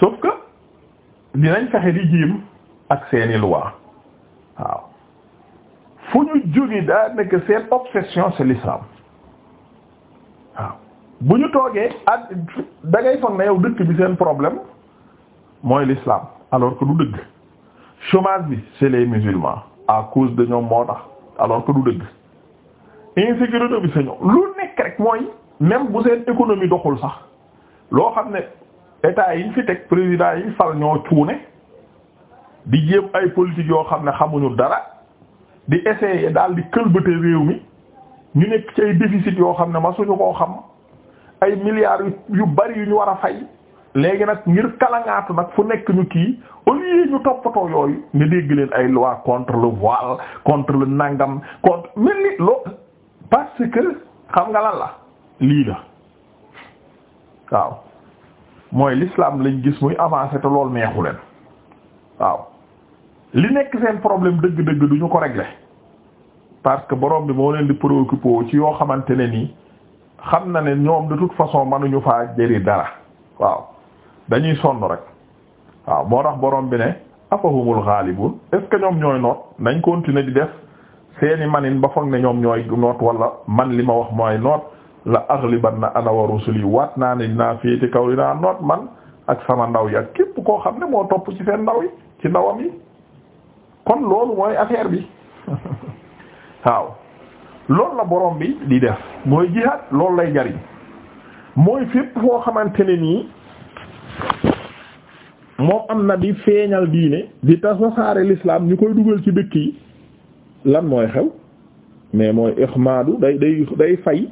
sauf que dinañ fexe di jiim ak seeni loi waaw fu ñu jógi daa nekk seen obsession c'est l'islam waaw bu ñu toogee ak da ngay foog na yow dëkk bi seen problème mooy l'islam alors que du dëgg chômage bi c'est les musulmans à cause de ñoom moo alors que du dëgg insécurité bi sa ñoom lu nekk rek mooy même bu seen économie doxul sax loo xam ne état yi fi teg président yi fal ñoo cuune di jéem ay politique yoo xam ne xamuñu dara di essayer daal di këlbate réew mi ñu nekk ci ay déficit yoo xam ne ma suñu koo xam ay milliards yu bari yu ñu war a fay léegi nag ngir kalangaatu nag fu nekk ñu kii au lieu ñu toppatoo yooyu nga dégg leen ay loi contre lu voile contre lu nangam contre mel ni lo parce que xam nga lan la lii la waaw mooy l'islam lañ gis muy avancé te loolu neexu leen waaw li nekk seen problème dëgg-dëgg du ñu ko régler parce que borom bi moo leen di préoccupé ci yoo xamante ne nii xam na ne ñoom de toute façon mënuñu faa jëri dara waaw dañuy sonn rek waaw moo tax borom bi ne afahumul ghalibun est ce que ñoom ñooy noot nañ continuer di def seeni manin ba foog ne ñoom ñooy noot wala man li ma wax mooy noot la aghlibanna na wa rusuli waat naa ne dinaa féete kaw dinaa noot man ak sama ndaw yi ak képp koo xam ne moo topp ci seen ndaw yi ci ndawam yi kon loolu mooy affaire bi waaw loolu la borom bi di def mooy jihaad loolu lay jariñ mooy fépp foo xamante ne nii moo am na di feeñal diine di tasaare l'islam ñu koy dugal ci dëkk yi lan mooy xew mais mooy ixmaadu day day day fay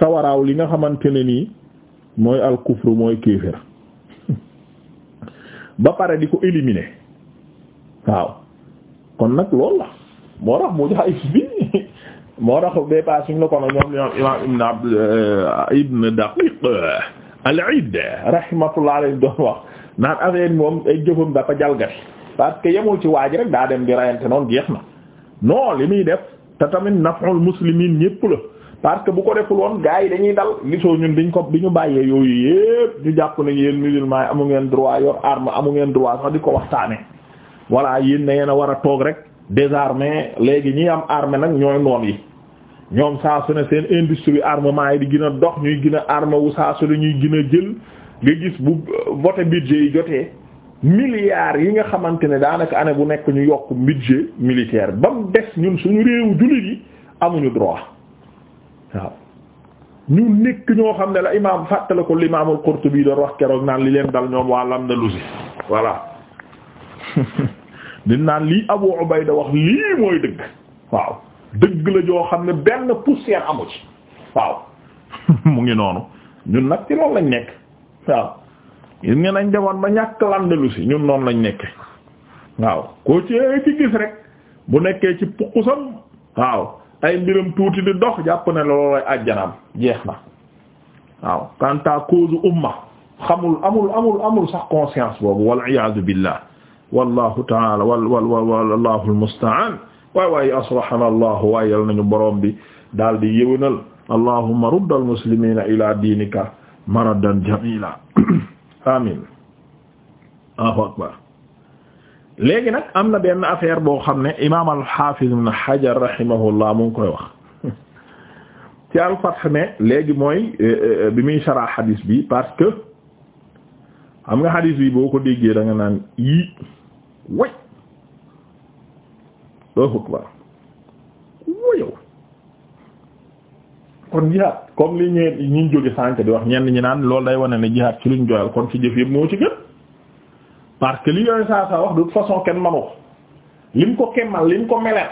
sawaraaw li nga xamante ne nii mooy al kufru mooy kéefër ba pare di ko éliminer waaw kon nag loolu la moo tax mu jaay bi moo tax dépassé ñu la ko ñoom ñoom imaam ibn euh, ibn daqiq al-Iid rahimahullah doon wax naan affaire moom ay jëfam dafa jalgati parce que yemul ci waa ji rek daa dem di rayante noonu jeex na non li muy def te tamit naf'ul muslimin ñépp la parce que bu ko deful woon yi dañuy dal gisoo ñun diñ ko bi ñu bàyyee yooyu yépp ñu jàpp ne yéen musulman yi amu ngeen droit yor arme amu ngeen droit sax di ko waxtaane voilà yéen na ngeen a war a toog rek désarmé léegi ñi am arme nag ñooy noon yi ñoom saa su ne seen industrie armement yi di gën a dox ñuy gën a arme wu saa su ne ñuy gën a jël nga gis bu voté budget yi jotee milliards yi nga xamante ne daanaka année bu nekk ñu yokk budget militaire ba mu des ñun suñu réewu jullit yi amuñu droit waaw ñu nekk ñoo xam ne la imaam fàttale ko limaamul Qurtubi doon wax keroog naan li leen dal ñoom waa Andalusi voilà di naan lii Abu Ubayda wax lii mooy dëgg waaw dëgg la joo xam ne benn poussière amu ci waaw mu ngi noonu ñun nag ci loolu lañ nekk waaw gis ngeen nañ demoon ba ñàkk l'Andalusi ñun noonu lañ nekk waaw koo ci ci gis rek bu nekkee ci puqusam waaw ay mbiram tuuti di dox jàpp ne loolooy ajjanaam jeex na waaw quant à cause umma xamul amul amul amul sax conscience boobu wal iyaadu billah wallahu taala wal wal wal allahu almustaan waay waaye aslahana allahu waay yal nañu boroom bi daal di yëwénal allahumma rudd almuslimina ila diinika maradan jamila amin allahu akbar léegi nag am na benn affaire boo xam ne imaam al-Hafiz ibn Hajar rahimahullah mu ngi koy wax ci al léegi mooy eh, eh, bi muy sharah hadith bi parce que am nga hadith bi boo ko déggee da nga naan yii way doo fukk ba wayow kon jihaad comme li ñeen ñi jóge sànk di wax ñenn ñi naan loolu day wane ne jihaad ci luñ joyal kon ci jëf yëpp moo ci gën parce que li yooyu saa saa wax de façon kenn manu ko lim ko kemmal lim ko melal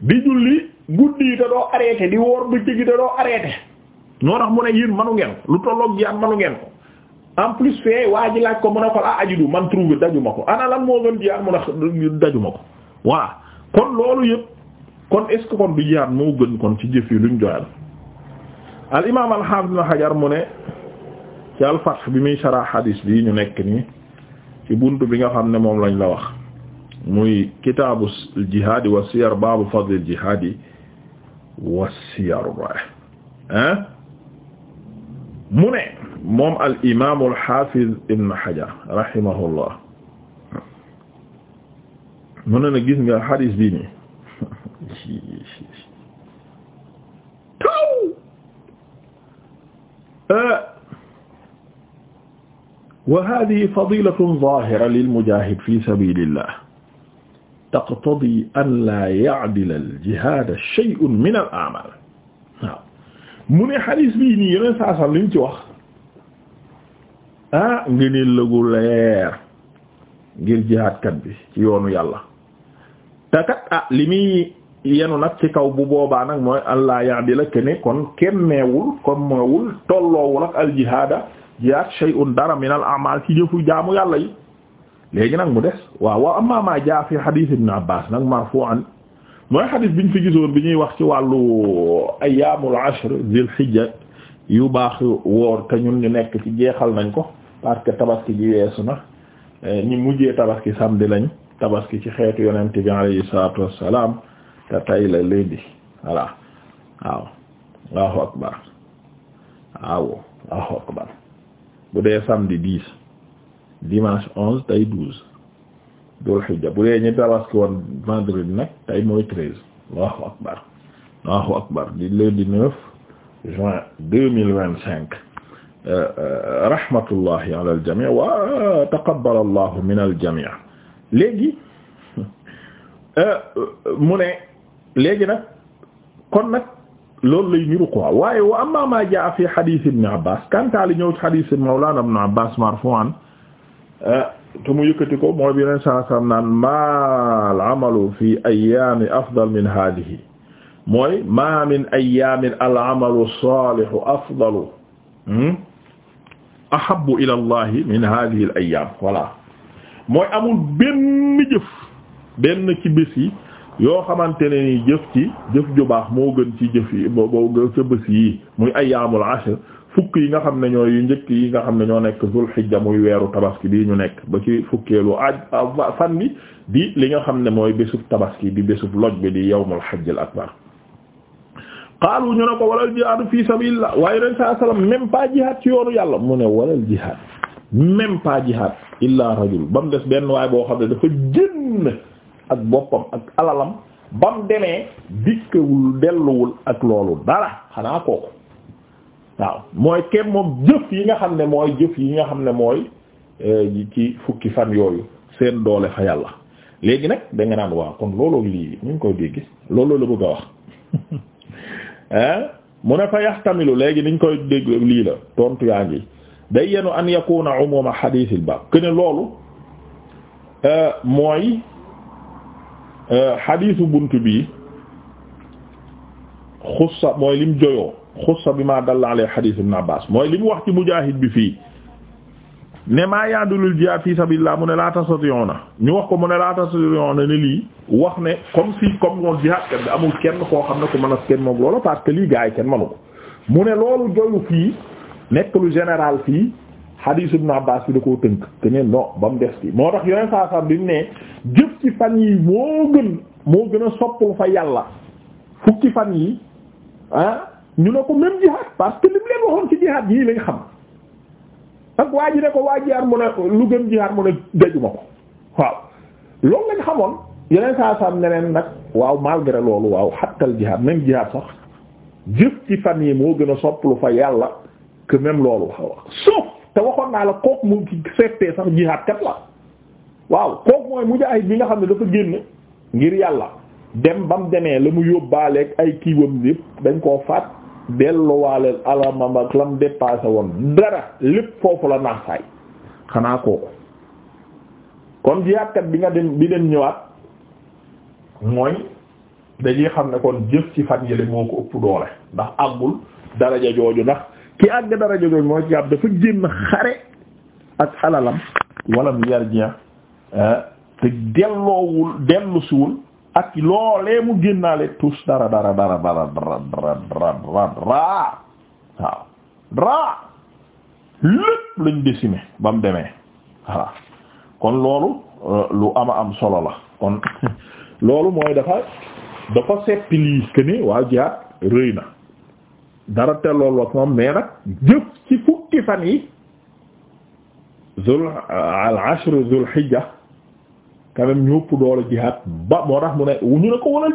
di julli guddi yi te doo arrêté di woor bëccëg yi te doo arrêté ñoo tax mu ne yéen manu ngeen ko lu tolloog jaan manu ngeen ko en plus fee waa ji laaj ko mën a ko ah ajidu man trouvé daju ma ko ana moo gën jihaad mun a daju ma ko voilà kon loolu yëpp kon est ce que kon du jihaad moo gën kon ci jëf luñ joyal al imam al hafiz ibn mu ne ci al fath bi muy sarah hadis nekk ci buntu bi nga xam ne moom lañ la wax muy kitaabu jihaadi wa siyar baabu fadlil jihaadi wa siyar ah mu ne moom al imaam al xaafiz ibn Hajar rahimahullah ne na gis nga xadiis bii wa hadihi fadilatun zahira lilmujahid fi sabilillah taqtadi an laa ya'dila al-jihaad shay'un min al-a'maal waaw mu ne xadis bii nii yeneen saa sax liñ ci wax ah nga ne lëgu leer ngir jihaadkat bi ci yoonu yàlla te kat ah li muy yenu nag ci kaw bu boobaa nag mooy an laa ya'dila kon kenn neewul kon moowul tolloowul ak al-jihaada jihaad shay'un dara min al a'mal ci jëfu jaamu yàlla yi léegi nag mu des waaw waaw amma ma jaa fi hadith ibn abbas nag marfu'an mooy hadith biñ fi gisoon bi ñuy wax ci wàllu ayyaamul ashr zil hijja yu baax woor te ñu nekk ci jeexal nañ ko parce que tabaski ji weesu na ñi mujjee tabaski samedi lañ tabaski ci xeetu yonent bi alayhi salaatu wassalaam te tay la lundi voilà waaw allahu akbar waaw allahu akbar bu dee samedi dix dimanche onze tey douze dul xijja bu dee ñu tabaski woon vendredi nag tey mooy treize allahu akbar allahu akbar di lundi neuf juin deux mille vingt cinq euh, euh, rahmatullahi ala aljamii wa taqabbala allahu min aljamii léegi euh, mu ne léegi nag kon nag loolu lay niru quoi waaye wa amma ma jaa fi hadith ibn abbas kanta li ñëw ci hadith mawlana ibn abbas marfu'an te mu yëkkati ko mooy bi leen saa saam naan maal amalu fi ayami afdal min hadihi mooy ma min ayamin al amalu salihu afdalu hmm? ahabbu ila allahi min hadihi al ayam voilà mooy amul benn jëf benn ci bés yi yoo xamante ne ni jëf ci jëf ju baax moo gën ci jëf yi boo sa bés yi muy ayyaamul ashr fukk yi nga xam ne ñoo njëkk yi nga xam ne ñoo nekk zul xijja muy weeru tabaski bii ñu nekk ba ci fukkeelu aj fan bi di li nga xam ne mooy bésub tabaski di bésub loj bi di yawmul hajjil akbar qaalu ñu ne ko walal jihaad fi sabilillah waaye ren saa salaam même pas jihaad ci yoonu yàlla mu ne walal jihaad même pas illa rajul ba mu des benn waaye boo xam ne dafa ak boppam ak alalam bam demee dikkawul delluwul ak loolu dara xanaa kooku waaw mooy kenn moom jëf yi nga xam ne mooy jëf yi nga xam ne mooy eh, ci fukki fan yooyu seen doole fa yàlla léegi nag danga nga naan waaw kon looloo lii ñu ngi koy dégg looloo la bëgg a wax eh? mu ne fa yaxtamilu léegi niñ koy dégg lii la tontu yaa ngi day yenu an umuma xadiisil baab këne loolu eh, mooy Euh, xadiisu bunt bi xussa mooy lim joyoo xussa bi ma dalla alayhi xadiis ibn Abbaas mooy lim wax ci mujaahid bi fii ne maa yaadulul jihaad fi sabilillah mu ne laa tastati'uuna ñu wax ko mu ne laa tastati'uuna ne lii wax ne comme si comme moom jihaad kat bi amul kenn koo xam ne ko mën a kenn moom loola parce que lii gaa yi kenn mënu ko mu ne loolu joyu fii nekk lu général fii hadith ibn Abbas bi da koo tënk te ne non ba mu des bi moo tax yeneen saa bi mu ne jëf ci fan yi moo gën moo gën a soppul fa yàlla fukki fan yi ah ñu ne ko même jihad parce que lim leen waxoon ci jihad yii lañ xam ak waa ji ne ko waa jihaad mu ne lu gën jihaad mu ne dajuma ko waaw loolu lañ xamoon yeneen saa saa ne leen nag waaw malgré loolu waaw xàttal jihad même jihad sax jëf ci fan yi moo gën a sopplu fa yàlla que même loolu xaw te waxoon naa la kook mu seetee sax jihaad la waaw kook mooy mujaahid bi nga xam ne dafa génn ngir yàlla dem ba mu demee la mu yóbbaaleeg ay kiiwam yëpp dañ koo faat delluwaale alamam ak la mu dépassé woon dara lépp foofu la naaxaay xanaa kooku kon jihaadkat bi nga dem bi dem ñëwaat mooy dañuy xam ne kon jëf ci fan yële moo ko ëpp doole ndax àggul daraja jooju ndax ki àgg daraja jooju mooy ki ab dafa génn xare ak alalam wala mu yar jien ah te delloowul dellusiwul ak loole mu génnaale tous dara dara dara dara dara dara dara dara waaw dara lépp ba mu demee voilà kon loolu euh, lu ama am solo la kon loolu mooy dafa dafa seppi lii que waaw jihaad rëy na dara tellool wax moom mais nag jëf ci fukki fan yi zul euh, al ashr zul hijja quand même mu ne ñu ne ko walal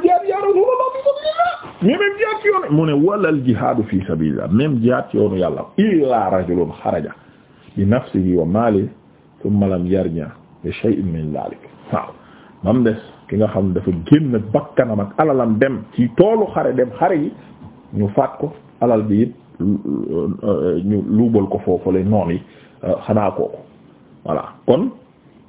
jihaad ya rasulullah fi sabilillah mais jihaad ci yoonu mu ne walal jihaadu fi sabilillah même jihaad ci yoonu yàlla illa rajulun xaraja bi nafsihi wa maalihi thumma lam yarja bi shay'in min dhalik mam des ki nga xam dafa génn bakkanam ak alalam dem ci toolu xare dem xare ñu faat ko alal bi it ñu luubal ko foofule noon yi xanaa ko voilà kon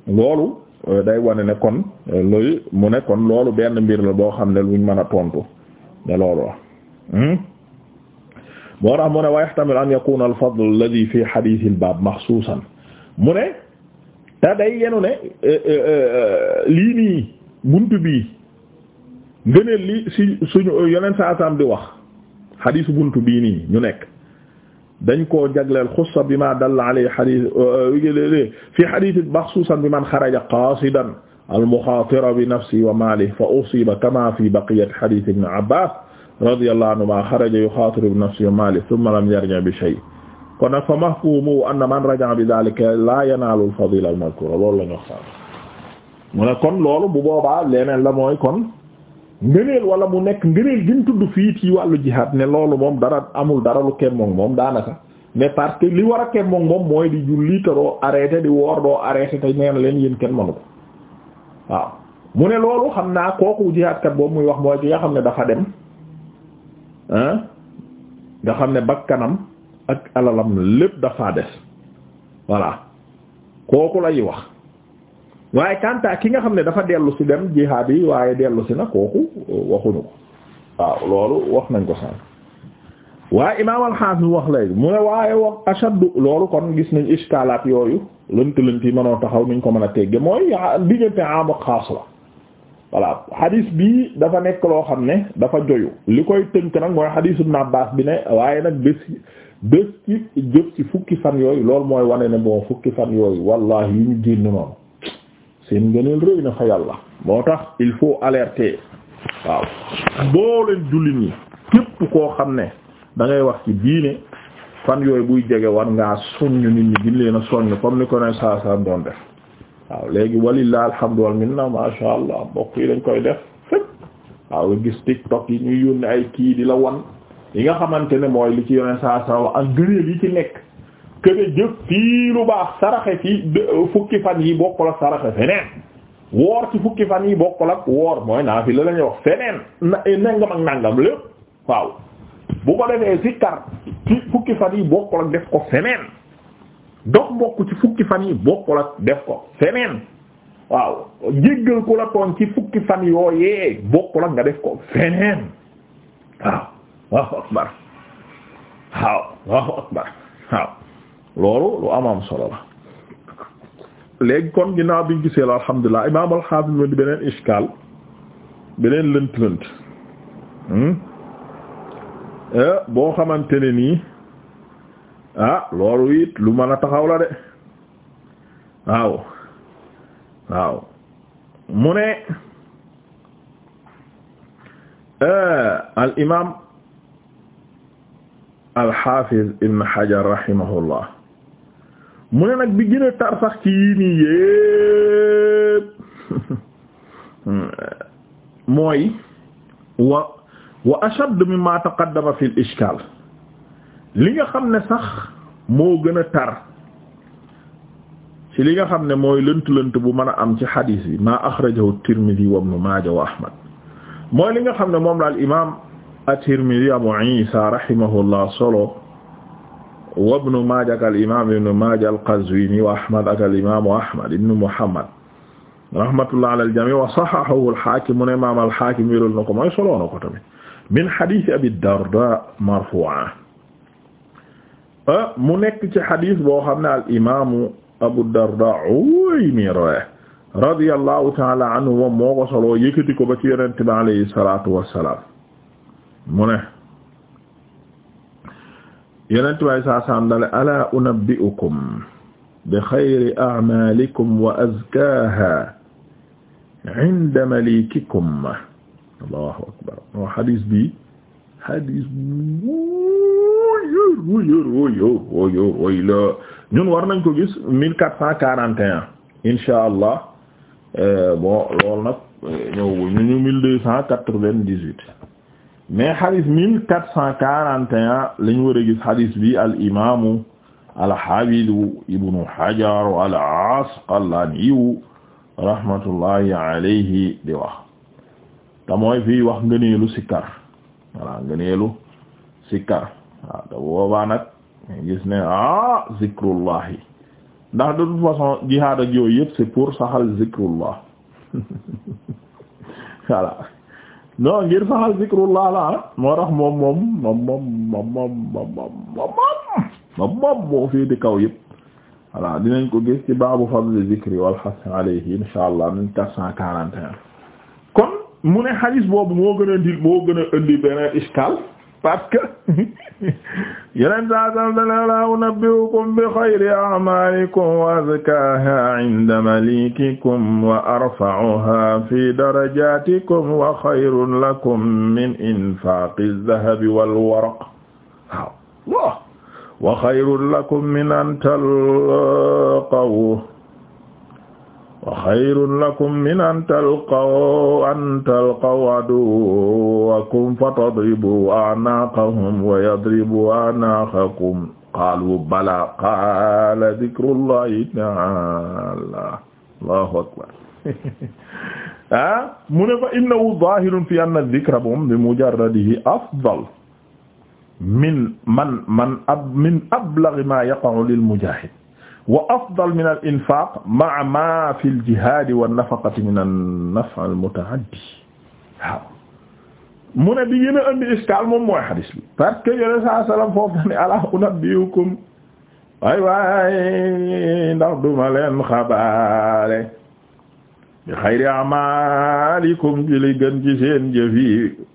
loolu euh, day wane ne kon loolu euh, mu ne kon loolu benn mbir la boo xam ne luñ man a tontu ne loolu la hmm? moo tax mu ne wa yahtamil an yakuna al fadl fi hadith al bab maxsuusan mu ne te day yenu ne euh, lii nii bunt bii ngëneel li si suñu yeneen saa saam di wax xadiisu buntu bii nii ñu nekk dañ koo jagleel xussa bi ma dalla alay xadiis euh, fi xadiis maxsuusan bi man xaraja qaasidan almuxaatira bi nafsi wa maalihi fa usiiba kama fi baqiyati xadiis ibn Abbaas radiyallahu anhumaa xaraja yuxaatiru bi nafsi wa maalihi summa lam yarji' bi shay' kon nag fa mafhuumuhu anna man raja'a bi daalika laa yanaalu al-fadiila al-mazkuura loolu la ñu wax mu ne kon loolu bu boobaa leneen la mooy kon ngëneel wala mu nekk ngëneel gi tudd fii ci wàllu jihaad ne loolu moom dara amul dara lu kemmoog moom daanaka mais parce que li war a kemmoog moom mooy di julli te doo arrêté di woor doo arrêté te neen leen yéen kenn manu ko waaw mu ne loolu xam naa kooku jihaadkat boobu muy wax mooy ki nga xam ne dafa dem ah nga xam ne kanam ak alalam lépp dafaa des voilà kooku lay wax waaye kanta ki nga xam ne dafa dellu si dem jihaad yi waaye dellu si na kooku uh, waxuñu ko waaw loolu wax nañ ko sànq waaye imaam mu wax léegi mu ne waaye wax ashaddu loolu kon gis nañ iskaalaat yooyu lënt lënt yi mënoo taxaw nuñ ko mën a tegge mooy diggante am ak xaas la voilà hadis bi dafa nekk loo xam ne dafa joyu li koy tënk nag mooy hadis naa Abbas bi ne waaye nag bés bés ci jëf ci fukki fan yooyu loolu mooy wane ne bon fukki fan yooyu wallahi yu ñu génn noonu seen ngëneel rëy na fa yàlla moo tax il faut alerter waaw booleen jullit ñi képp koo xam ne da ngay wax ci diine fan yooyu buy jege war ngaa soññ nit ñi gin leen a soññ comme ni ko ne saa saa doon def waaw léegi walilaa alhamdu wal masha allah mbokk yi dañ koy def fépp waaw nga gis tiktok yi ñuy yónni ay kii di la wan yi nga xamante ne mooy li ci yoneen saa ak gëneel yi ci nekk que jëf fii lu baax saraxe ci euh, fukki fan yi bokkul ak saraxe feneen woor ci fukki fan yi bokkul ak woor mooy naa fi la la ñuy wax feneen na eh, nangam ak nangam lépp waaw bu ko defee sikkar ci fukki fan yi bokkul ak def ko feneen dox mbokk ci fukki fan yi bokkul def ko feneen waaw jéggal ku la toon ci fukki fan yooyee bokkul ak nga def ko feneen waaw waaw akbar waaw waaw akbar waaw loolu lu amam solo la léegi kon ginnaaw biñ gisee la alhamdulilah imaam al-Hafiz beneen ishkaal beneen lënt lënt hmm? eh, boo xamante ne nii ah loolu it lu mën a taxaw la de waaw waaw mu eh, al imaam al-Hafiz Hajar rahimahullah mu ne nag bi gën a tar sax ci yii nii yépp mooy wa wa ashad mimma taqaddama fil ishkal li nga xam ne sax moo gën a tar ci li nga xam ne mooy lënt-lënt bu mën a am ci xadiis bi maa axrajahu at-Tirmidhi wa Ibn Maaja wa Ahmad mooy li nga xam ne moom la al imaam at-Tirmidhi Abu Isa rahimahullah solo wa ibnu Maaja ak al-imaam ibnu Maaja al-Qazwiini wa Ahmad ak al-imaamu Ahmad ibnu Muhammad rahmatullah ala al-jamii' wa sahhahahu al-Haakim mu ne imaam al-Haakim wéral na ko mooy solo na ko tamit min hadiisi Abi Dardaa marfuu'an ah, mu nekk ci hadith boo xam ne al-imaamu Abu Dardaa Uwaymir radiyallahu ta'ala anhu moom moo ko solo yëkkati ko ba ci Yonent bi alayhi salaatu wa salaam mu ne yenent way saa saam dale ala unabbi'ukum bi xayri a'malikum wa azkaha inda malikikum allahu akbar moo xadis bi xadis wóyóor wóyóor wóyóor wóyóor wóy la ñun war nañ ko gis mille quatre cent quarante et un insha allah euh, bon loolu nag euh, ñëw ñu ñu mille deux cent quatre-vingt-dix-huit mais xadis mille quatre cent quarante et un lañ war bi al imaamu al xaafidu ibnu Hajar al Asqalaaniyu rahmatullahi alayhi di wax te mooy fii wax ngëneelu sikkar voilà ngëneelu sikkar waaw te boobaa nag gis ne ah zikrullahi ndax de toute façon jihaad ak yooyu yëpp c'est pour saxal zikrullah voilà non ngir saxal zikrullah la moo tax moom moom moom moom moom moom moom moom moom moom moo féete kaw yëpp voilà dinañ ko gis ci baabu fadl zikri wal hasan alayhi insha allah mille quatre cent quarante et un kon mu ne hadis boobu moo gën a indi moo gën a indi beneen iskal parce que yeneen saa sam dana la unabbi'ukum bi xayri a'malikum wa azkaha 'inda malikikum wa arfa'uha fi darajatikum wa xayrun lakum min infaqi adh-dhahabi wal waraq waaw wa xayrun lakum min an talqaw wa xayrun lakum min an talqaw an talqaw aduwakum fa tadribu a'naqahum wa yadribu a'naqakum qaalu bala qaala dikrullahi ta'ala allahu akbar ah mu ne fa innahu zaahirun fi anna dikra moom bi mujarradihi afdal min man man ab min ablaghi ma yaqa'u lil mujaahid wa afdal min al infaq ma'a ma fi al jihad wa nafaqati min an naf' al muta'addi waaw mu ne bi gën a indi iskaal moom mooy xadis bi parce que yone saa sallam foofu ne ala unabbiukum waay waay ndax duma leen xabaare bi xayri amalikum ci li gën ci seen jëf yi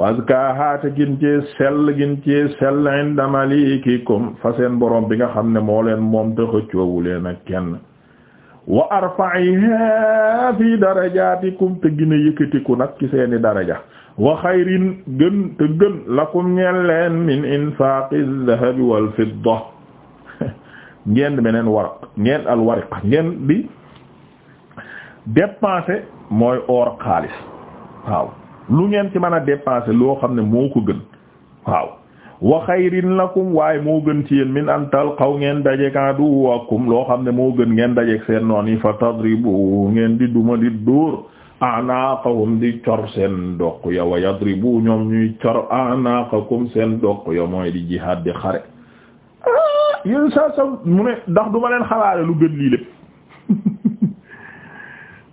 wazkaha te gin cee sell gin cee sell inda malikikum fa seen borom bi nga xam ne moo leen moom te xëccoowu leen ak kenn wa arfa'iha fi darajatikum te gina yëkkatiku nag ci seeni daraja wa xayrin gën te gën lakum ñeel leen min infaqi dhahabi wal fidda ngeen beneen waraq ngeen al wariq ngeen di dépenser mooy or xaalis waaw lu ngeen ci mën a dépenser loo xam ne moo ko gën waaw wa xayrin lakum waaye moo gën ci yéen min an talqaw ngeen dajeek aduwakum loo xam ne moo gën ngeen dajeek seen noon yi fa tadribu ngeen di duma di dóor anaqahum di cor seen doq ya wa yadribu ñoom ñuy cor anaqakum seen doq ya mooy di jihaad di xare ah, yéen sa sa mu ne ndax duma leen xalaale lu gën lii lépp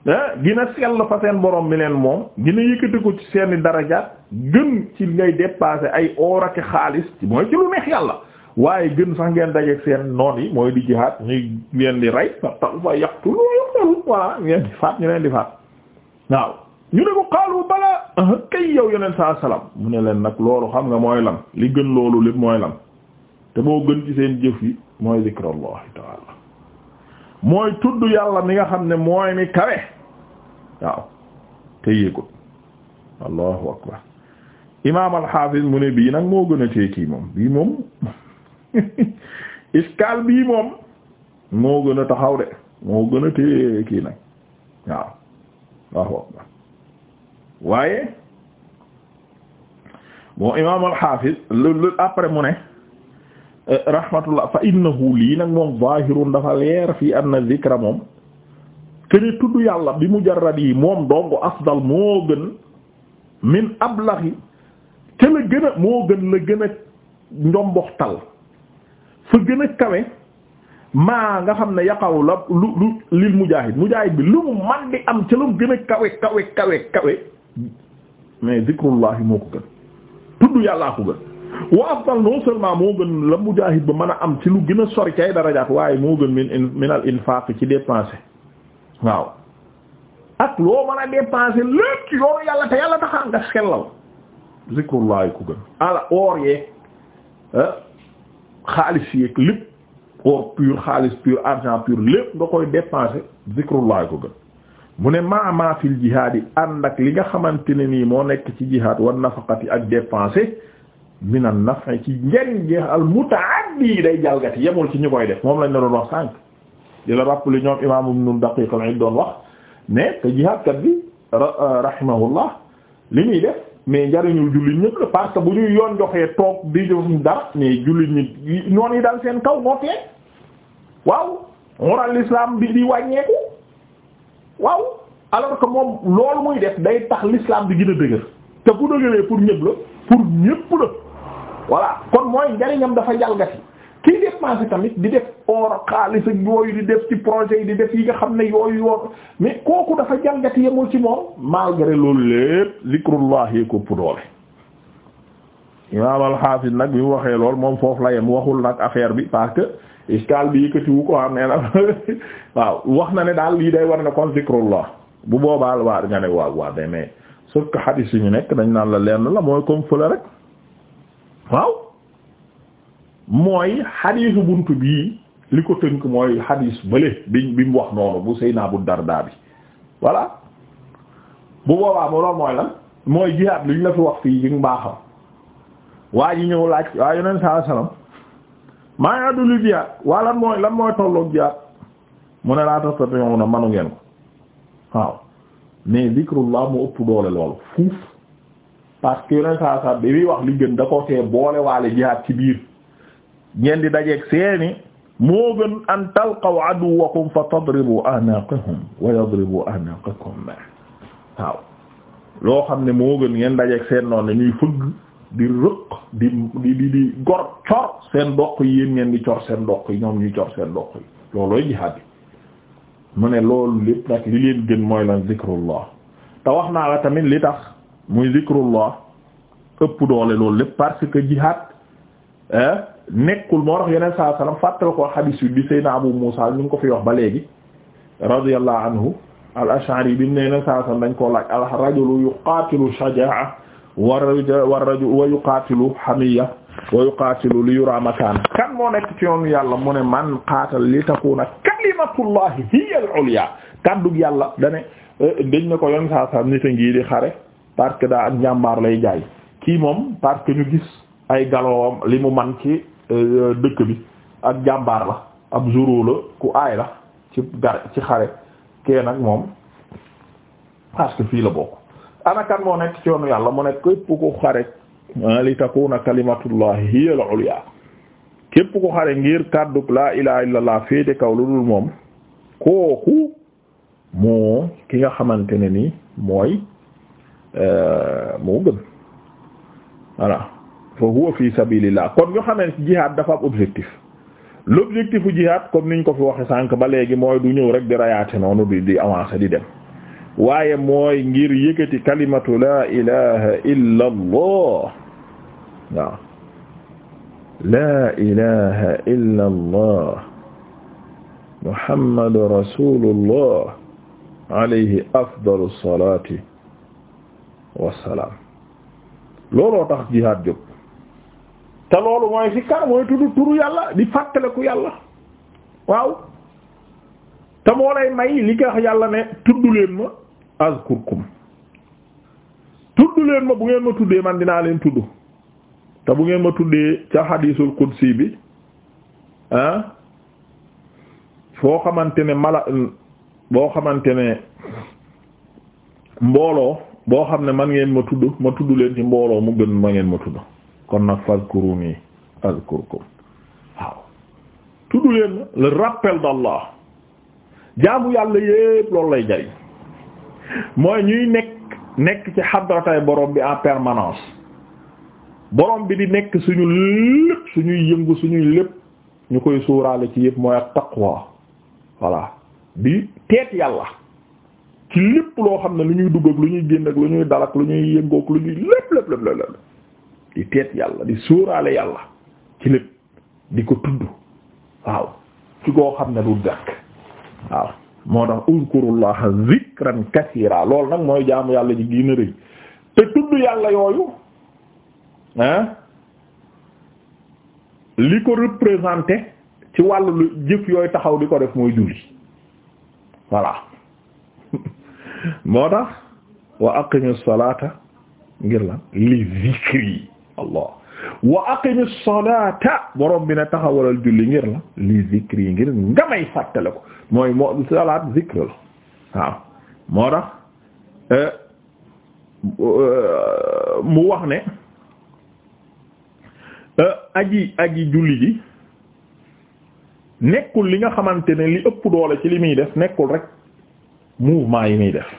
Eh, gina sell fa seen borom mi leen moom gina yëkkati ko ci seeni darajaat gën ci ngay dépasser ay oor ak xaalis mooy ci lu neex yàlla waaye gën sax ngeen dajeek seen noon yi mooy di jihaat ñuy ngeen di rey fa tax fa yaqtu lu yaqtalu voilà ngeen di faat ñu leen di faat waaw ñu ne ko xaalu balaa kay yow yeneen saa salaam mu ne leen nag loolu xam nga mooy lan li gën loolu li mooy lan te moo gën ci seen jëf yi mooy zikrallahi taala mooy tudd yàlla mi nga ne mooy waaw te yéegul allahu akbar imaam al mu ne bii nag moo gën a tee moom bii moom iskaal bii moom moo gën a taxaw de moo gën a tee kii nag waaw allahu akbar waaye bon imaam al lu lu après mu ne eh, rahmatullah fa innahu lii nag moom zahirun dafa leer fii anna dhikra moom kene tudd yàlla bi mujarrad yi moom dong afdal moo gën min ablaxi te la gën a moo gën la gën a njomboxtal fa gën a kawe maa nga xam ne yaqaw la lu lu lil mujaahid mujaahid bi lu mu man di am ca lu gën a kawe kawe kawe kawe mais zikrullahi moo ko gën tudd yàllaa ko gën wa afdal non seulement moo gën la mujaahid ba mën a am ci lu gën a sori cay darajaat waaye moo gën min min al infaq ci dépenser waaw ak loo mën a dépenser lépp ci yoonu yàlla te yàlla tax nga sellal zikrullahi ku gën ala oor yeeg ah, xaalis yeeg lépp or pur xaalis pur argent pur lépp nga koy dépenser zikrullahi ku gën mu ne maa maa fil jihaad yi ànd ak li nga xamante ne nii moo nekk ci jihaad wan nafaqati ak dépenser min an naf'i ci njëriñ jeex al mutaaddi day jalgati yemul ci ñu koy def moom lañ la doon wax sànq. di la rappelé ñoom imam ibn Daqiq lañ doon wax mais te jihaadkat bi euh, rahimahullah li muy def mais njariñul jullit ñëpp la parce que bu ñuy yoon joxee toog di jox dara mais jullit ñi noon yi dal seen kaw noot leen waaw moral l'islam bi di wàññeeku waaw alors que moom loolu muy def day tax l'islam bi gën a dëgër te bu dëgëree pour ñëpp la pour ñëpp la voilà kon mooy njariñam dafa jalgati kiy dépensé tamit di def or xaalis ak yooyu di def ci projet yi di def yi nga xam ne yooyu yoon mais kooku dafa jàngati yemul ci moom malgré loolu lépp zikrullah yi ko doole imaam al nag bi mu waxee lool moom foofu la yem waxul nag affaire bi parce que iskal bi yëkkatiwu ko am nee na waaw wax na ne daal lii day war ne kon zikrullah bu boobaal waa nga ne waaw waaw mais sauf ñu nekk dañ naan la lenn la mooy comme fële rek mooy xadiisu bunt bii li ko tënk mooy xadiis bële bi bi mu wax noonu bu Seydina Abu Darda bi voilà bu boobaa mu loolu mooy lan mooy jihaad li ñu la fi wax fii ci mbaaxam waa ji ñëw laaj waa yoneen saa salaam lan mooy lan mooy tolloog jihaad mu ne laa tasta manu ngeen ko waaw mais zikrullah mu ëpp doole loolu fuuf parce que yoneen saa salaam bi muy wax li gën da ko tee boole waale jihaad ci biir ngeen di dajeeg seeni moo gën an talqaw aduwakum fa tadribu anaqahum wa yadribu anaqakum waaw loo xam ne moo gën ngeen dajeeg seen noonu ñuy fëgg di rëq di di di di gor cor seen doq yi yéen ngeen di cor seen doq yi ñoom ñuy cor seen doq yi loolooy jihaad bi mu ne loolu lépp nag li leen gën mooy lan zikrullah te wax naa la tamit li tax muy zikrullah ëpp doole loolu lépp parce que jihaad nekkul moo tax yeneen saa salaam fàttal ko xadiis Abu Muusa ñu ko fi wax ba léegi radiyallahu anhu al-Ash'ari bi mu ne yeneen dañ koo laaj al-rajulu yuqaatilu shajaa'a wa rajulu wa yuqaatilu hamiyya wa yuqaatilu li yura makaana kan moo nekk ci yoonu yàlla mu ne man qaatal li takuuna kalimatullahi hiya al-ulya kàddug yàlla da ne eh, dañ ne ko yeneen saa salaam nit a ngi di xare parce daa am lay jaay kii moom parce ñu gis ay galowam li mu man ci Euh, euh, dëkk bi ak jàmbaar la ab zoro la ku aay la ci gar ci xare kee nag moom parce que fii la bokk anakan moo nekk ci yàlla mu nekk képp ku xare li takuna kalimatullahi hiya al-ulya képp ku xare ngir kàdduk laa ilaha illallah féete kaw lu dul moom kooku moo ki nga xamante ne ni mooy euh, moo gën voilà fa huwa fi sabilillah ko ñu xamee ci dafa am objectif l'objectif u jihaad comme niñ ko fi waxe sànq ba léegi mooy du ñëw rek di rayaate noonu di di avancer di dem waaye mooy ngir yëkkati kalimatu la ilaha illa allah waaw allah muhammadu rasulullah alayhi te loolu mooy sikkar mooy tudd turu yàlla di fàttaliku yàlla waaw te moo lay may li nga yàlla ne tudd leen ma azkurkum tudd leen ma bu ngeen ma tuddee man dinaa leen tudd te bu ngeen ma tuddee ca xadiisul qudsi bi ah foo xamante ne mala boo xamante ne mbooloo boo xam ne man ngeen ma tudd ma tudd leen ci mbooloo mu gën ma ngeen ma tudd kon nag fazkuruni azkurkum waaw tudd leen le rappel d'Allah jaamu yàlla yépp loolu lay jariñ mooy ñuy nekk nekk ci xadratay borom bi en permanence borom bi di nekk suñu lépp suñuy yëngu suñuy lépp ñu koy suuraale ci yépp mooy ak taqwa voilà di teet yàlla ci lépp loo xam ne lu ñuy dugg lu ñuy génn ak lu ñuy dal lu ñuy yëngook lu ñuy lépp lépp lépp di teet yàlla di sóoraale yàlla ci lépp di ko tudd waaw ci koo xam ne du dakk waaw moo tax uzkurullaha zikran kasiira loolu nag mooy jaamu yàlla ji gën a te tudd yàlla yooyu ah li ko représenté ci wàllu lu jëf yooyu taxaw di ko def mooy julli voilà moo tax wa aqimis salaata ngir lan li zikri allah wa aqimi salata borom bi na taxawalal julli ngir la li zikri yi ngir nga may fàttale ko mooy moo salaat zikr la waaw moo tax euh, euh, mu wax ne euh, aji aji julli ji nekkul li nga xamante ne li ëpp doole ci li muy def nekkul rek mouvement yi muy def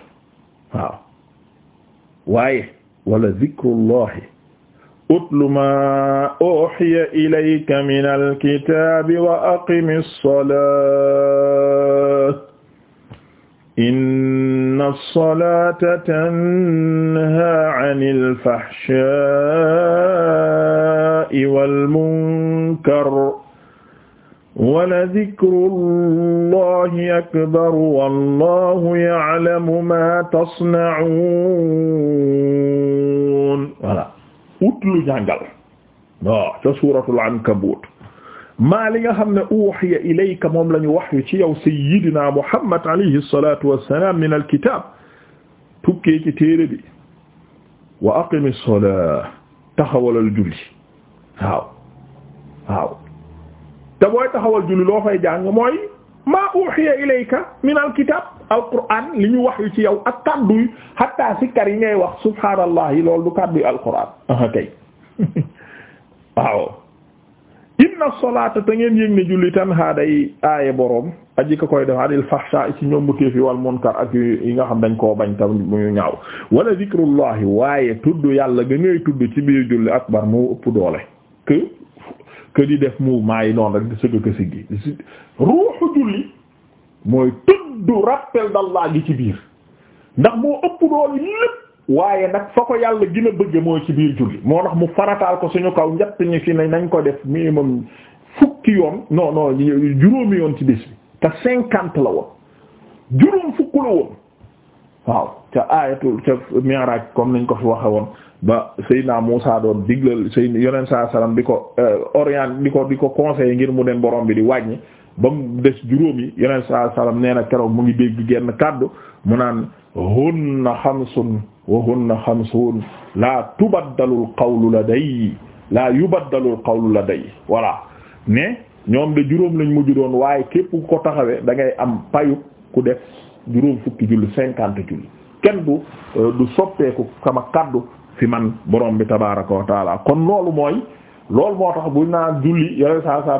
waaw waaye wala zikrullahi utlu ma uhiya ilayka minal kitaabi wa aqimis salaata inna salaata tanhaa anil fahshaa'i wal munkar wa lazikrullaahi akbar wallaahu ya'lamu maa tasna'uun voilà ut lu jàngal waaw ca suuratul ankabut maa li nga xam ne uhiya ilayka moom la ñu wax yu ci yow sayyidina Muhammad alayhi salatu wassalam min alkitab tukkee ci téere bi wa aqimi salaa taxawalal julli waaw waaw te booy taxawal julli loo fay jàng mooy maa uhiya ilayka min alkitab alquran li ñu wax yu ci yow ak kàddu hatta sikkar yi ngay wax subhaanallah yi loolu du kàddu alquran aha kay waaw inna solata te ngeen yëg ne julli tan ha day aaye boroom aji ka koy def anil fahsha ci ñoom téef yi wal munkar ak yi nga xam dañ koo bañ tam mu ñaaw wala zikrullahi waaye tudd yàlla ga ngay tudd ci biir julli akbar moo ëpp doole que que di def mouvement yi noonu rek di sëgg ka siggi ruuxu julli mooy tudd tudd rappel d'Allah gi ci biir ndax moo ëpp doolu lépp waaye nag fa ko yàlla gën a bëgg mooy ci biir julli moo tax mu farataal ko suñu kaw njett ñi fi nañ ko def minimum fukki yoon non non juróomi yoon ci bés bi te cinquante la woon juróom fukk la woon waaw ca ayatul ca mi'raj comme nañ ko fi waxe woon ba Seydina Muusa doon diglal Seydina yonent saa salaam di ko euh, orient di ko di ko conseil ngir mu dem borom bi di wàññi ba mu des juróom yi yonent saa salaam nee na keroog mu ngi dégg genn kàddu mu naan na hunna xamsun wa hunna xamsun laa tubaddalul qawlu ladayya laa yubaddalul la ladayya voilà mais ñoom de juróom lañ mujj doon waaye képp ku ko taxawee da ngay am payu ku def juróom fukki julli cinquante julli kenn du euh, du soppeeku sama kàddu fi man borom bi tabaaraka wa kon loolu mooy loolu moo tax buñ naan julli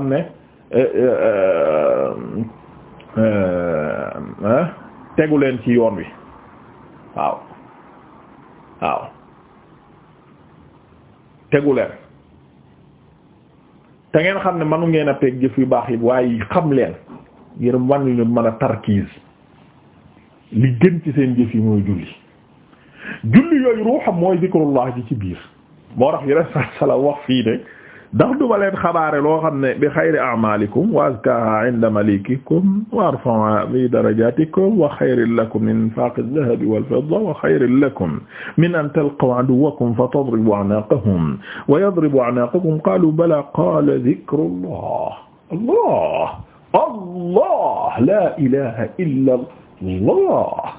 ne euh, euh, tegu leen ci yoon wi waaw waaw tegu leen te ngeen xam ne manu ngeen a peeg jëf yu baax yi waaye xam leen yërëm wan ñu mën a tarkiis li gën ci seen jëf yi mooy julli julli yooyu ruuxam mooy zikrullah ji ci biir moo tax yeneen saa sala wax fii ne ndax duma leen xabaare loo xam ne bi xayri a'malikum wa azkaha 'inda malikikum wa arfa'a bi darajatikum wa xayrun lakum min infaqi adh-dhahabi wal-fidda wa xayrun lakum min an talqaw 'aduwwakum fa tadribu a'naqahum wa yadribu a'naqakum qalu bala qala dhikrullah allah allah la ilaha illa allah allah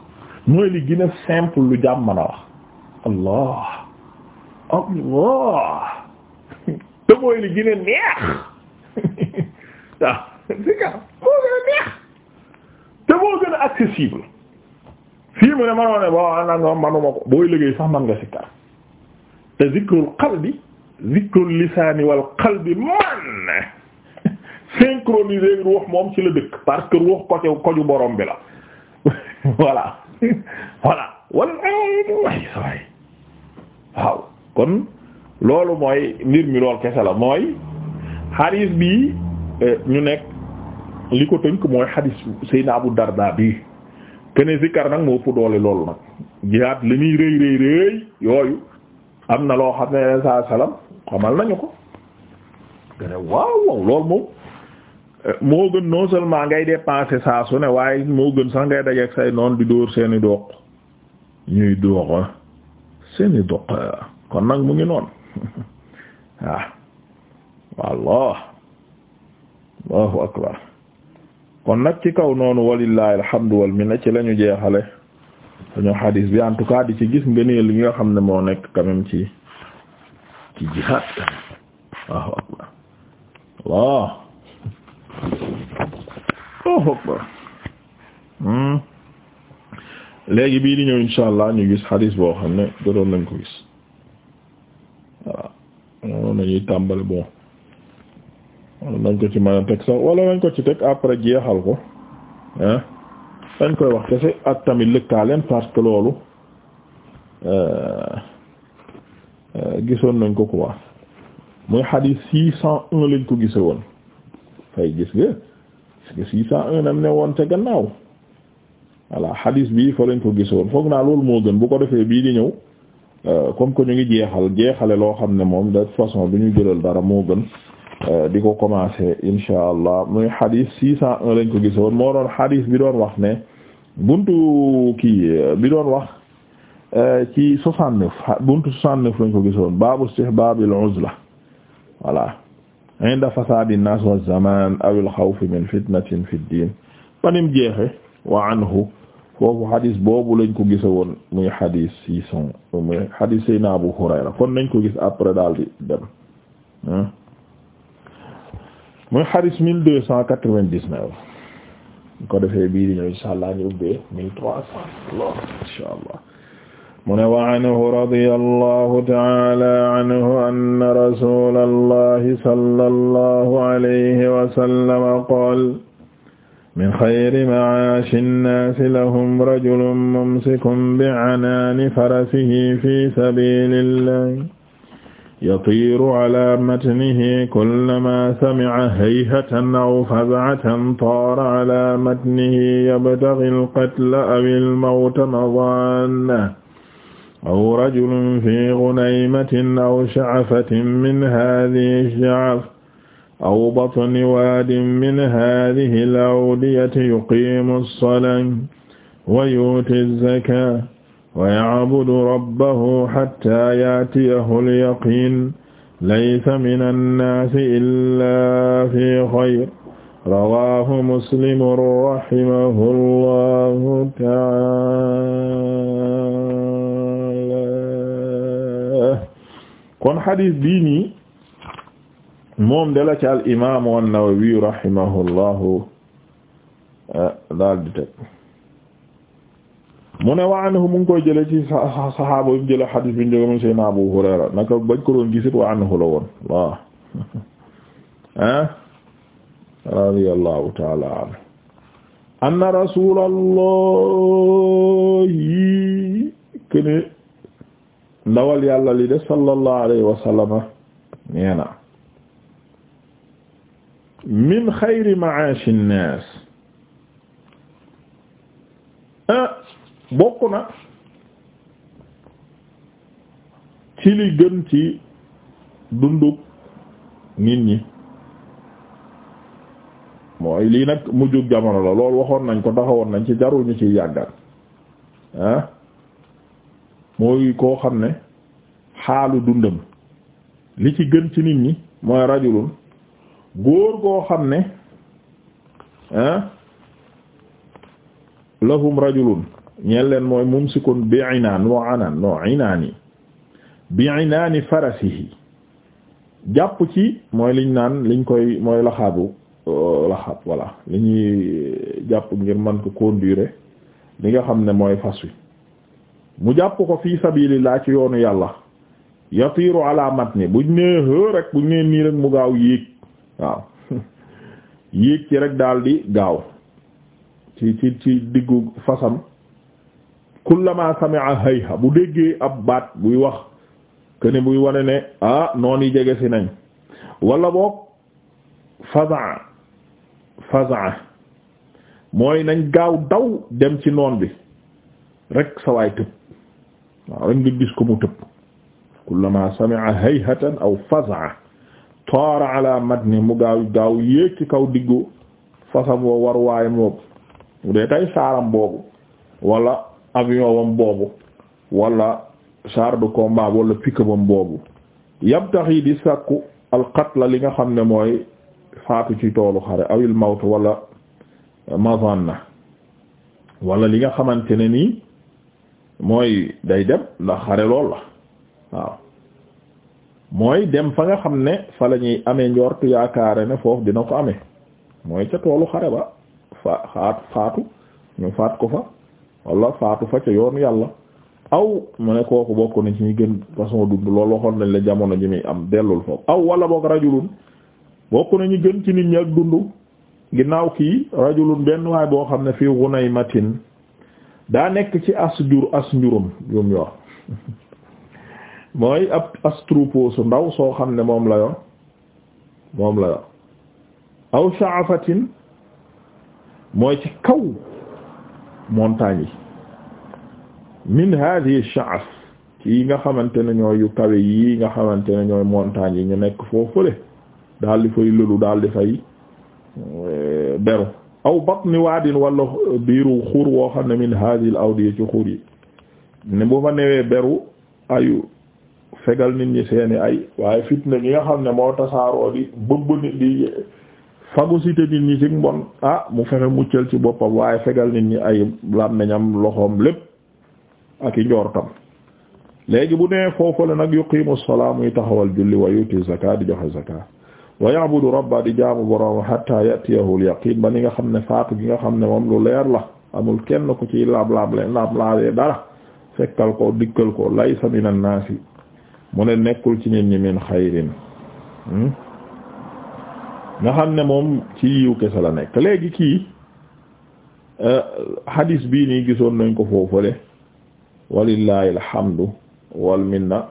mooy li gën simple lu jàmm mën a wax te mooy li gën a neex waaw ah, c'est ça moo te moo gën a accessible fii mu ne manoo ne ah, booy liggéey sax man nga sikkar te zikrul qalbi zikrul lisaani wal qalbi man synchronisé ruux moom ci la dëkk ruux côté koju borom bi la voilà voilà wala waay sawaay waaw kon loolu mooy mbir mi lool kese la mooy xadis bi eh, ñu nekk li ko tënk mooy xadis Seydina Abu Darda bi kene zikar nag moo fu doole loolu nag jihaat li muy rëy rëy rëy yooyu am na loo xam ne saa xamal nañu ko gene waaw waaw loolu moom Euh, moo gën non seulement ngay dépenser saa su ne waaye moo gën sax ngay dajeek say noon di dóor seeni doq ñuy dóor ah, seeni doq ah. kon nag mu ngi noonu waaw ah. wallah allahu akbar kon nag ci kaw noonu walillahi alhamdu wal minna ci lañu jeexale suñu xadiis bi en tout cas di ci gis ngëneel li nga xam ne moo nekk quand ci ci jihaad allahu akbar allah Allahu hmm. léegi bii di ñëw insha allah ñu gis xadiis boo xam ne dodoon nañ ko gis waaw nañuy tàmbale bon nañ ko ci mën a teg sax wala nañ ko ci teg après jeexal ko ah dañ koy wax kese ak tamit lëkkaaleen parce que loolu euh, euh, gisoon nañ ko quoi muy xadiis six cent un lañ ko gise woon gis nga parce que six cent un am ne woon te gannaaw voilà hadis bii foo lañ ko gisoon foog naa loolu moo gën bu ko defee bii di ñëw euh, comme que ñu ngi jeexal jeexale loo xam ne moom de toute façon du ñu jëlal dara moo gën euh, di ko commencer insha allah muy hadis six cent un lañ ko gisoon moo doon hadis bi doon wax ne buntu kii euh, bi doon wax ci soixante neuf buntu soixante neuf lañ ko gisoon baabu istihbaabil uzla voilà inda fasaadi nnaas wa zamaan aw al xawf min fitnatin fi diin panim jeexe wa anhu foofu hadis boobu lañ ko gisa woon muy hadis six cent muy Abu Hurayra kon nañ ko gis après daal di dem hmm? muy hadis mille ko defee bii di ñëw inshallah ñu ubbee mille trois cent mu ne wa anhu radiyallahu ta'ala anhu anna rasulallahi sallallahu alayhi wa sallam qaala min xayri ma'aashi nnaasi lahum rajulun mumsikun bi'anaani farasihi fi sabiilillahi yatiiru calaa matnihi kullamaa samica hayhatan aw faz'atan taara calaa matnihi yabtaghil qatla awil mawta madaanna aw rajulun fi gunaymatin aw sha'afatin min haadihi ash-sha'af aw batni waadin min haadihi al-awdiyati yuqiimu as-salaata wa yu'ti az-zakaata wa ya'budu rabbahu hattaa ya'tiyahu al-yaqiin laysa mina an-naasi illaa fii khayr rawaahu muslim rahimahullaahu ta'aala kon hadith bii nii moom de la ci al imaamu an-Nawawi rahimahullahu eh, mu wa anhu mu ngi koy jële ci saxaaba bi jële hadith Abu Hurayra naka bañ ko doon gisit wa anhu la woon waaw ah radiyallahu ta'ala anhu kene ndawal yàlla li de sallallahu alayhi wa sallama nee na min xayri ma'ashi ah, bokk na ci li gën ci dundub nit ñi mooy lii nag mujjug jamono la lool waxoon nañ ko taxawoon nañ ci jarul ñu ci yàggal ah mooy koo xam ne xaalu dundam li ci gën ci nit ñi mooy rajulun góor goo xam ne ah lahum rajulun ñeen leen mooy mumsikun bi inaan wa anaan no inaani bi inaani farasihi jàpp ci mooy liñ naan liñ koy mooy laxaabu euh, laxaab voilà li ñuy jàpp ngir man ko conduire li nga xam ne mooy fas wi mu jàpp ko fii sabilillah ci yoonu yàlla yatiiru ala matni buñ nee hë rek buñ nee nii rek mu gaaw yéeg waaw yéeg ci rek daal gaaw ci ci ci diggu fasam kullama sami'a hayha bu déggee ab baat buy wax këni buy wane ne ah noon yi jege si nañ wala boog faza faza mooy nañ gaaw daw dem ci noon bi rek sa tëb waaw rek nga gis ko mu tëb kullama sami'a hayhatan aw faza'a taara ala matni mu gaaw gaaw yéeg ci kaw diggu fasam woo war waayam boobu bu dee tay saaram boobu wala avion wam boobu wala char de combat wala pick-up bam boobu yabtaxi di sàkku alqatla li nga xam ne mooy faatu ci toolu xare awil mawt wala mazanna wala li nga xamante ne nii mooy day dem ndax xare lool la waaw mooy dem fa nga xam ne fa la ñuy amee njortu yaakaare ne foofu dina ko ame mooy ca toolu xare ba fa faat faatu ñu faat ko fa wala faatu fa ca yoonu yàlla aw mu ne kooku bokk na ci gën façon dund loolu waxoon nañ jamono ji muy am dellul foofu aw wala boog rajulun bokk na gën ci nit ñi ak dund ginnaaw kii rajulun benn waay boo xam ne fii gunaymatin daa nekk ci as jur as njurum yum yor mooy ab as troupeau su ndaw soo xam ne moom la yor moom la yor aw sha'afatin mooy ci kaw montagne yi min hadhihi sha'af yi nga xamante ne ñooy yu kawe yi nga xamante ne ñooy montagne yi ñu nekk foofule daal di fay lëlu daal di fay eh, beru aw batni waadin wala biiru xur woo xam ne min hadhihi al-awdiya ci xur yi ne boo fa newee beru ayu fegal nit ñi seeni ay waaye fitna gi nga xam ne moo tasaaroo di bëbb nit di phagocyté nit ñi ci mbon ah mu fexe muccal ci boppam waaye fegal nit ñi ay làmmiñam loxoom lépp ak i njoortam léegi bu nee foofu la nag yuqimu salaa muy taxawal julli wa yuti zakat di joxe zakat wa ya'budu di jaamu borom hatta ya'tiyahu al ba ni nga xam ne faatu gi nga xam ne moom lu leer la amul kenn ku ci laab laab leen laab laabee dara fekkal ko dikkal ko laysa min an mu ne nekkul ci nit ñi min xayrin hmm? nga xam ne moom ci yiw kese la nekk léegi kii euh, hadis bii nii gisoon nañ ko foofale walillahi alhamdu wal minna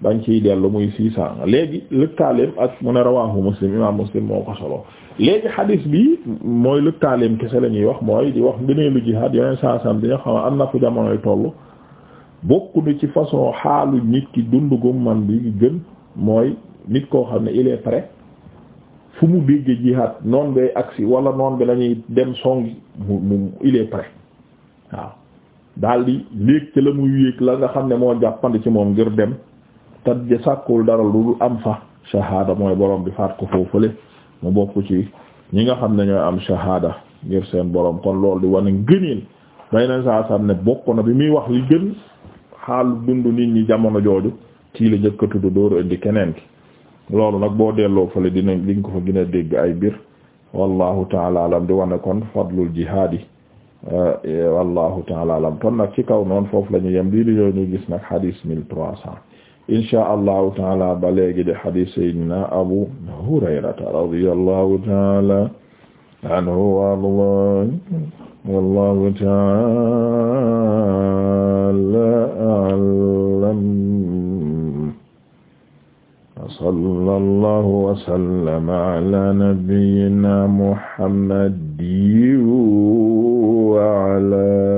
dañ ciy dellu muy six cent léegi lëkkaaleem ak mu ne rawahu muslim imam muslim moo ko solo léegi xadis bi mooy lëkkaaleem kese la ñuy wax mooy di wax ngëneelu jihaad yeneen saa sam di nga xam am na fu jamonoy toll bokk na ci façon xaalu nit ki dund gu man bi gën mooy nit koo xam ne il est prêt fu mu déggee jihaad noon bay agsi wala noon bi lañuy ñuy dem songi mu mu il est waaw daal di léeg ca la muy yéeg la nga xam ne moo jàppandi ci moom ngir dem te ja sàkkul dara lu am fa shahada mooy boroom bi faat ko foofule mu bokk ci ñi nga xam ne ñooy am shahada ngir seen borom kon lool di wane ngëneel day nañ saa sam ne bokk na bi muy wax li gën xaal dund nit ñi jamono jooju kii la njëkk a tudd dooru indi keneen ki loolu nag boo delloo fële dinañ liñ ko fa gën a dégg ay biir wallahu taala alam di wane kon fadlul jihaadi wallahu taala alam kon nag ci kaw noon foofu la ñu yem lii di ñëw ñu gis nag hadis insha allahu taala ba léegi de hadith sayyidina abu hurayrata radiyallahu taala anhu wa allah wallahu taala a'lam wa sallallahu wa sallama ala nabiyyina muhammadin wa ala